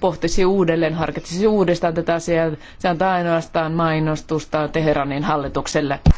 pohtisi uudelleen, harkitsisi uudestaan tätä asiaa. Se antaa ainoastaan mainostusta Teheranin hallitukselle.